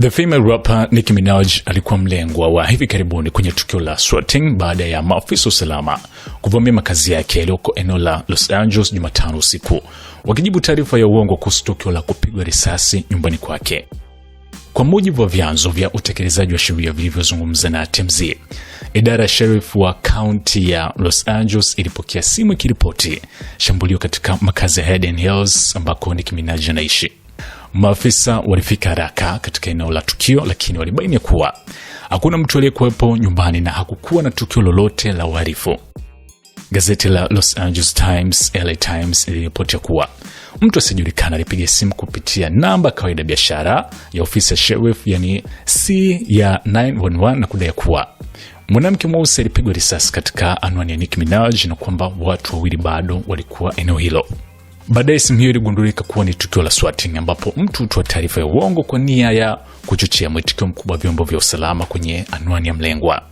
The female rapper Nicki Minaj alikuwa mlengwa wa hivi karibuni kwenye tukio la swatting baada ya maafisa usalama kuvamia makazi yake yaliyoko eneo la Los Angeles Jumatano usiku, wakijibu taarifa ya uongo kuhusu tukio la kupigwa risasi nyumbani kwake. Kwa mujibu wa vyanzo vya utekelezaji wa sheria vilivyozungumza na TMZ, idara ya sheriff wa kaunti ya Los Angeles ilipokea simu ikiripoti shambulio katika makazi ya Hayden Hills ambako Nicki Minaj anaishi. Maafisa walifika haraka katika eneo la tukio, lakini walibaini kuwa hakuna mtu aliyekuwepo nyumbani na hakukuwa na tukio lolote la uhalifu. Gazeti la Los Angeles Times, LA Times liliripoti kuwa mtu asiyejulikana alipiga simu kupitia namba kawaida biashara ya ofisi ya sheriff, yani C ya 911 na kudai kuwa mwanamke mweusi alipigwa risasi katika anwani ya Nicki Minaj na kwamba watu wawili bado walikuwa eneo hilo. Baadaye simu hiyo iligundulika kuwa ni tukio la swatting, ambapo mtu hutoa taarifa ya uongo kwa nia ya kuchochea mwitikio mkubwa wa vyombo vya usalama kwenye anwani ya mlengwa.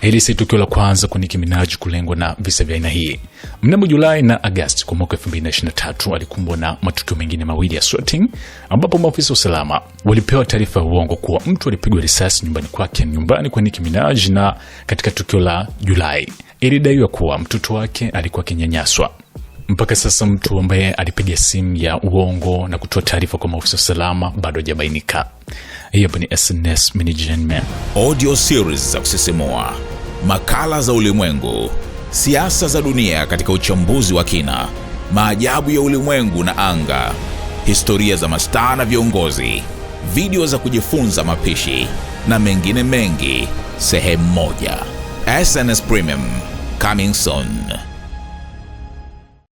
Hili si tukio la kwanza kwa Nicki Minaj kulengwa na visa vya aina hii. Mnamo Julai na Agasti kwa mwaka 2023 alikumbwa na matukio mengine mawili ya swatting, ambapo maafisa wa usalama walipewa taarifa ya uongo kuwa mtu alipigwa risasi nyumbani kwake, nyumbani kwa Nicki Minaj. Na katika tukio la Julai ilidaiwa kuwa mtoto wake alikuwa akinyanyaswa. Mpaka sasa mtu ambaye alipiga simu ya uongo na kutoa taarifa kwa maafisa usalama bado hajabainika. Hiyo hapo ni SNS Management, audio series za kusisimua, makala za ulimwengu, siasa za dunia katika uchambuzi wa kina, maajabu ya ulimwengu na anga, historia za mastaa na viongozi, video za kujifunza mapishi na mengine mengi, sehemu moja. SNS Premium coming soon.